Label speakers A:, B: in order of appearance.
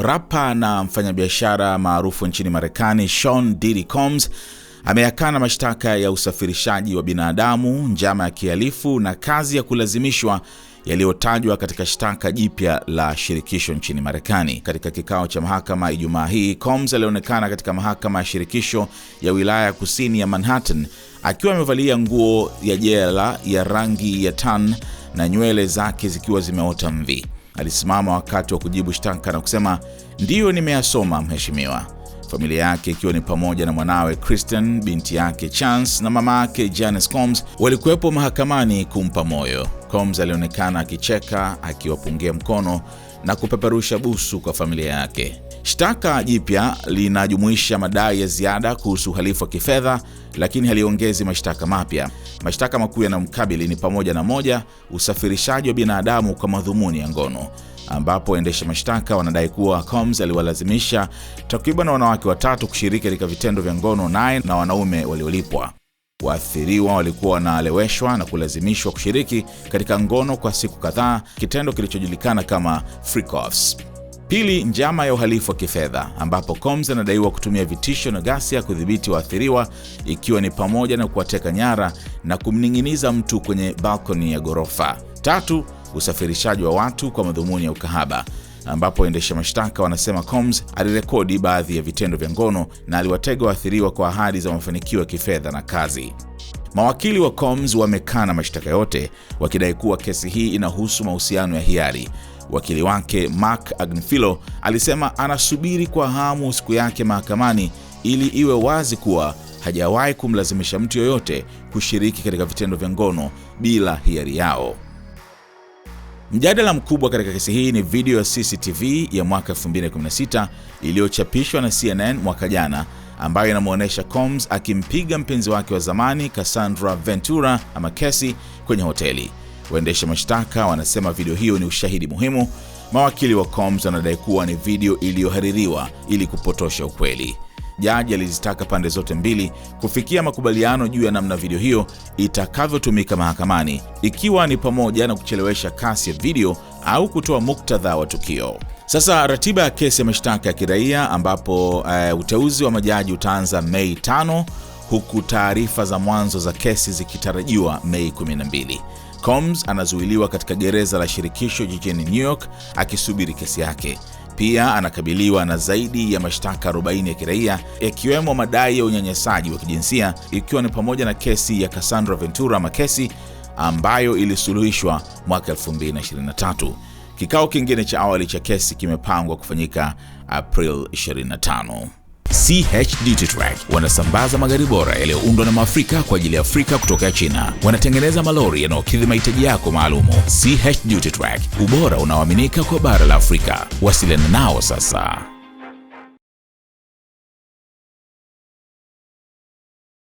A: Rapa na mfanyabiashara maarufu nchini Marekani Sean Diddy Combs ameyakana mashtaka ya usafirishaji wa binadamu, njama ya kihalifu na kazi ya kulazimishwa yaliyotajwa katika shtaka jipya la shirikisho nchini Marekani. Katika kikao cha mahakama Ijumaa hii, Combs alionekana katika mahakama ya shirikisho ya wilaya ya kusini ya Manhattan akiwa amevalia nguo ya jela ya rangi ya tan na nywele zake zikiwa zimeota mvi alisimama wakati wa kujibu shtaka na kusema, ndiyo nimeyasoma mheshimiwa. Familia yake ikiwa ni pamoja na mwanawe Kristen, binti yake Chance na mama yake Janice Combs walikuwepo mahakamani kumpa moyo. Combs alionekana akicheka, akiwapungia mkono na kupeperusha busu kwa familia yake. Shtaka jipya linajumuisha madai ya ziada kuhusu uhalifu wa kifedha, lakini haliongezi mashtaka mapya. Mashtaka makuu yanayomkabili ni pamoja na moja, usafirishaji wa binadamu kwa madhumuni ya ngono, ambapo waendesha mashtaka wanadai kuwa Combs aliwalazimisha takriban wanawake watatu kushiriki katika vitendo vya ngono naye na wanaume waliolipwa. Waathiriwa walikuwa wanaleweshwa na kulazimishwa kushiriki katika ngono kwa siku kadhaa, kitendo kilichojulikana kama freak offs. Pili, njama ya uhalifu wa kifedha ambapo Combs anadaiwa kutumia vitisho na ghasia kudhibiti waathiriwa, ikiwa ni pamoja na kuwateka nyara na kumning'iniza mtu kwenye balkoni ya ghorofa. Tatu, usafirishaji wa watu kwa madhumuni ya ukahaba ambapo waendesha mashtaka wanasema Combs alirekodi baadhi ya vitendo vya ngono na aliwatega waathiriwa kwa ahadi za mafanikio ya kifedha na kazi. Mawakili wa Combs wamekana mashtaka yote wakidai kuwa kesi hii inahusu mahusiano ya hiari. Wakili wake Mark Agnifilo alisema anasubiri kwa hamu siku yake mahakamani ili iwe wazi kuwa hajawahi kumlazimisha mtu yoyote kushiriki katika vitendo vya ngono bila hiari yao. Mjadala mkubwa katika kesi hii ni video ya CCTV ya mwaka 2016 iliyochapishwa na CNN mwaka jana ambayo inamwonyesha Combs akimpiga mpenzi wake wa zamani Cassandra Ventura ama Cassie kwenye hoteli. Waendesha mashtaka wanasema video hiyo ni ushahidi muhimu. Mawakili wa Combs wanadai kuwa ni video iliyohaririwa ili kupotosha ukweli. Jaji alizitaka pande zote mbili kufikia makubaliano juu ya namna video hiyo itakavyotumika mahakamani, ikiwa ni pamoja na kuchelewesha kasi ya video au kutoa muktadha wa tukio. Sasa ratiba ya kesi ya mashtaka ya kiraia ambapo uh, uteuzi wa majaji utaanza Mei tano huku taarifa za mwanzo za kesi zikitarajiwa Mei 12. Combs anazuiliwa katika gereza la shirikisho jijini New York akisubiri kesi yake. Pia anakabiliwa na zaidi ya mashtaka 40 ya kiraia yakiwemo madai ya unyanyasaji wa kijinsia ikiwa ni pamoja na kesi ya Cassandra Ventura Makesi ambayo ilisuluhishwa mwaka 2023. Kikao kingine cha awali cha kesi kimepangwa kufanyika April 25.
B: CHD Track wanasambaza magari bora yaliyoundwa na Maafrika kwa ajili ya Afrika kutoka China. Wanatengeneza malori yanayokidhi mahitaji yako maalumu. CHD Track, ubora unaoaminika kwa bara la Afrika. Wasiliana nao sasa.